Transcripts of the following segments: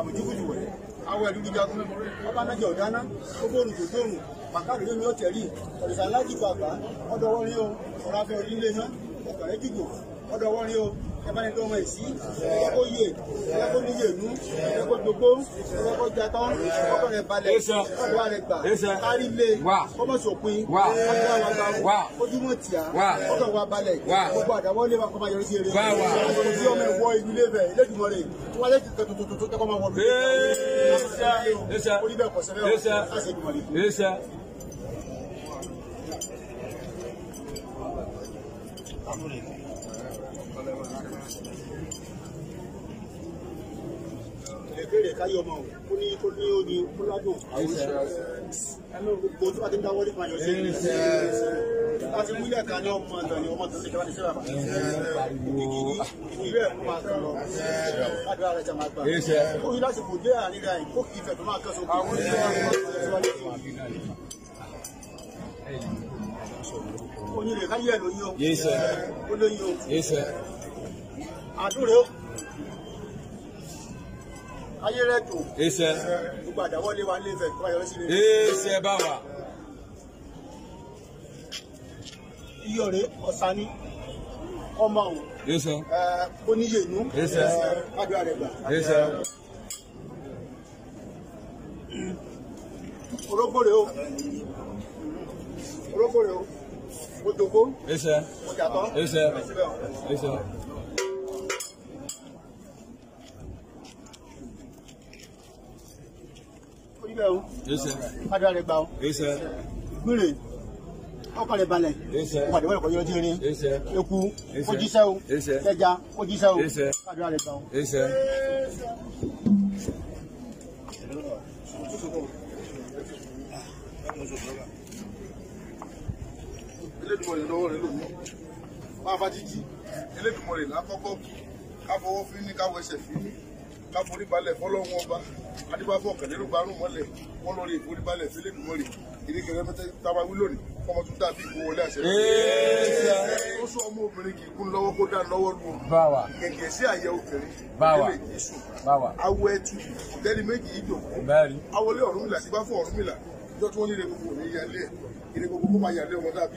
àmójúkújù wẹ̀ awọ ẹ̀dúgbìjagun ọba nájà ọ̀dáná ó bóòrùn tó tóòrùn pàkàrí lómi ọ̀tẹ̀rì ọ̀rẹ́sà ńlá jìgbà àgbà ọ̀dọ̀ wọlé o ọ̀rọ̀ afẹ́ orílẹ̀ náà ọ̀kàrẹ́ jùgbò ọ̀dọ̀ wọn rí o ẹbáni tó wọn ẹ sí ẹ kó yè ẹ kó níyè nú ẹ kó gbogbo ẹ kó jatán ọkọ rẹ balẹ̀ ọwọ́ rẹ gbà kárí lé kọmọsòpin ọjọ́ wa tíya ọkọ wa gbogbo àdáwọlé wa kọ máa sí eré ọmọ tí ọmọ ìwọ ìlú lébẹ lẹjùmọ rẹ wọn lè ti tètè tó tẹkọ máa wọlé. oníbẹ̀ kọ̀sẹ̀rẹ̀ ọ̀sẹ̀ àṣẹ ìdùmọ̀ rẹ. Thank you ìbéèrè káyé ọmọ o ní kó ní ó ní kó ládùn àwọn ìṣẹ́ ẹnu gbogbo tó bá ti ń dáwọ́ nípa yọ ní láti mú ilẹ̀ ní ọmọ ọ̀dọ̀ ni ọmọ ọ̀dọ̀ nígbà tí sábà bá ìgbìgì ìwé ẹ̀kọ́ máa tán lọ láti ara ẹja máa gbà ó yí láti kò dé àárín ra ìkó kì í fẹ̀ tó máa kẹ́sọ̀ kó àwọn ìṣẹ́ àwọn ìṣẹ́ Onílé káyé ẹ̀ lóyún o. Yé sẹ́. Ó lóyún o. Yé sẹ́ àdúrà ó ayé rẹ tó gbogbo àdáwọlé wa lé fẹ kó ayọrẹ sí rẹ. ẹsẹ bá wa. iyọ̀rẹ́ ọ̀sání ọmọ ọ̀hún. ẹsẹ. kó níyè nú. ẹsẹ. kádùá rẹ gbà. ẹsẹ. orógbòrè o orógbòrè o mo dògbò. ẹsẹ. mo jàtọ. ẹsẹ. ẹsẹ. o. fàdúrà rẹ gbà o. gbére ọkọ rẹ balẹ̀ ọkọ rẹ kọjọ ti rin eku kojísẹ́ o tẹja kojísẹ́ o fàdúrà rẹ gbà o. Elédùmarè lọ́wọ́ rẹ lòun máa bá jíjí Elédùmarè lákọ́kọ́ ká fọwọ́ fi ní ká wẹsẹ̀ fi ní ká balẹ̀ fọlọ́run ọba adébáfọ̀ kẹ̀lẹ́lógbárùn mọ́lẹ̀ wọ́n lọ́ọ́ lè forí balẹ̀ fílẹ̀ mọ́lẹ̀ ìdíkẹ̀lẹ́ mẹ́tẹ́ táwa wí lónìí kọ́mọ tó dàbí ìgbówọlé àṣẹ. ó sọ ọmọ obìnrin kì í kún lọ́wọ́ kó dá lọ́wọ́ lu òun gẹ̀gẹ̀ sí àyẹ obìnrin délé jésù awọ ẹtù tẹ́lẹ̀ méjì yìí dòkó awọlé ọ̀rúnmìlà adébáfọ̀ ọ̀rúnmìlà ìjọ tí wọ́n ní ire gbogbo ò ní yálé ire gbogbo kó máa yálé ọmọ dàbí.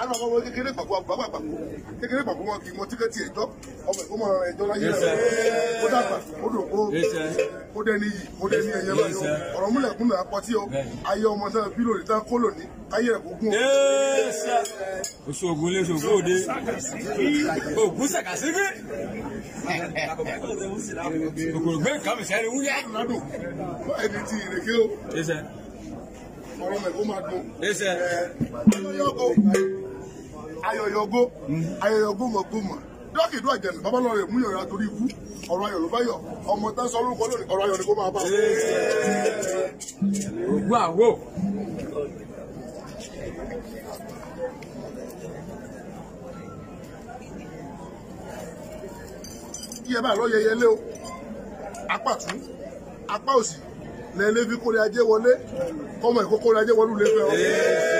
àwọn ọmọ wọn kékeré pàkó àgbàgbà pàkó kékeré pàkó wọn kì í mọ tíkẹ́tì ẹ̀jọ́ ọmọ ẹ̀kọ́ mọ ẹ̀jọ́ láyé rẹ̀ kó dàgbà kó dùn kó kó dẹni yìí kó dẹni ẹ̀yẹ báyọ̀ ọ̀rọ̀ múlẹ̀ kún náà pọtí o ayé ọmọ náà bí lòdì tán kó lòdì ayé rẹ̀ kó gún o. oṣoògùn ilé oṣoògùn òde ògùn sàkàsíkì òkòrò gbé kàmì sẹ́ni wúyẹ́. ẹni tí ìrèké o ọ̀rọ̀ mẹ́kó máa dùn ayọ̀yọ̀gó ayọ̀yọ̀gómọ̀gómọ̀ dọ́kìdọ́ ìjẹ̀lẹ̀ babalọ́rẹ̀ mú yọ̀rọ̀ àtòrí ikú ọ̀rọ̀ ayọ̀ ló bá ọmọ tá sọ lórúkọ lónìí ọ̀rọ̀ ayọ̀ ni kó máa bá. gbà kí ẹ bá lọ yẹyẹ lé o apá tú apá òsì lẹ́ẹ̀lẹ́bí kórè ajé wọlé kọ́mọ ìkókórè ajé wọlé lẹ́fẹ̀ẹ́ ọ.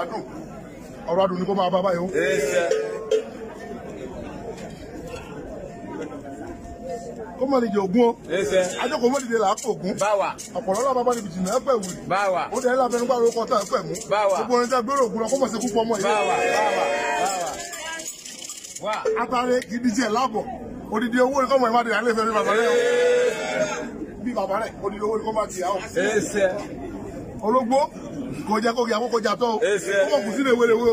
àtàdùn ọ̀rọ̀ adùn ni kó máa bá báyìí kó mọ̀ ní jẹ ogun o. ajoko mọ̀ dìde làákò ogun. ọ̀pọ̀lọ́lọ́ bàbá níbi jìnnà ẹ̀pẹ̀ wù. ó dẹ̀ lábẹ́nu gbàrú ọkọ̀ tá ẹ̀pẹ̀ mú. gbogbo ẹni tí a gbèrò ogun lọ kó mọ̀ sí kú pọ̀ yìí. báwa báwa báwa. atare gidi láàbọ̀ odidi owó ni kò mọ̀ ìmádìí alẹ́ fẹ́ rí bàbá rẹ̀ bí bàbá rẹ̀ odidi owó ni kò má ti yà ológbó kò jẹ́ kó kí àwọn kò jà tọ́ o kó kù sínú ewé lewo.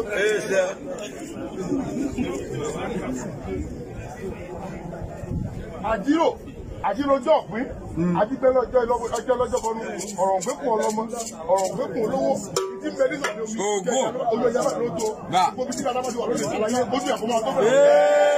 àjírò àjíròjọ́ ọ̀pín àdìgbẹ́lọ́jọ́ ọjọ́ lọ́jọ́ kọ́nu ọ̀rọ̀ òǹgbẹ́kùn ọlọ́mọ ọ̀rọ̀ òǹgbẹ́kùn olówó ti bẹ nínú omi olóyè aláàlóso gbogbo bí tí kàdámọ́sí wà lónìí àlàyé ojú ẹ̀kọ́ máa tọ́ bẹ̀rẹ̀.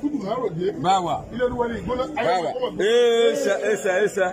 Kudu Harode. Bawa. Ilé olúwa ni ìgbóná. Bawa. Ẹsẹ̀ ẹsẹ̀ ẹsẹ̀.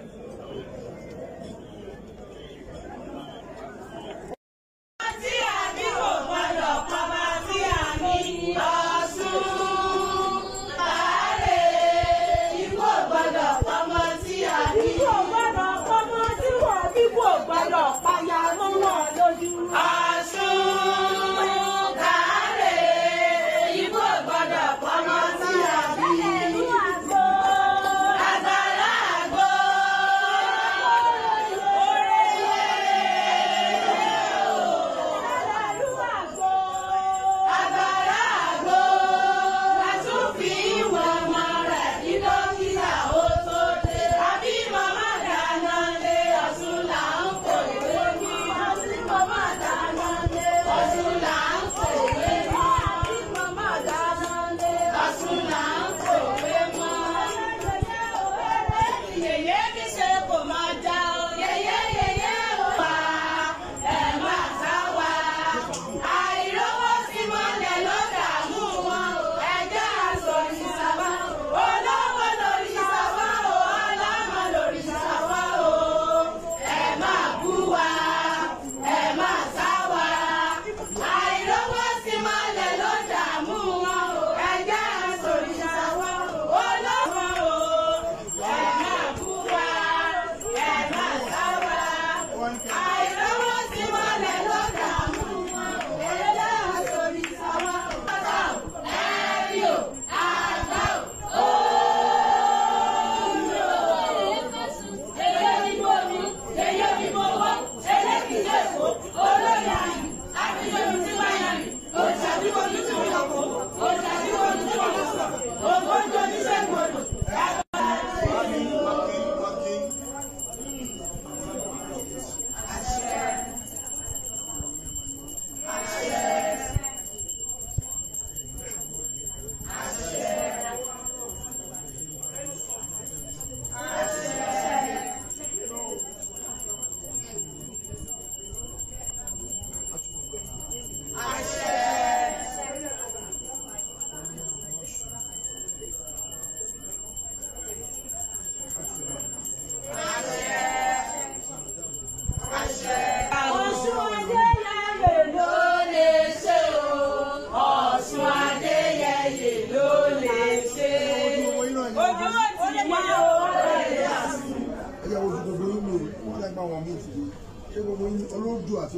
ṣé gbogbo yín olódù àti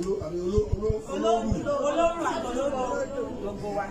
olóòrùn. olóòrùn àti olóòrùn gbogbo wa.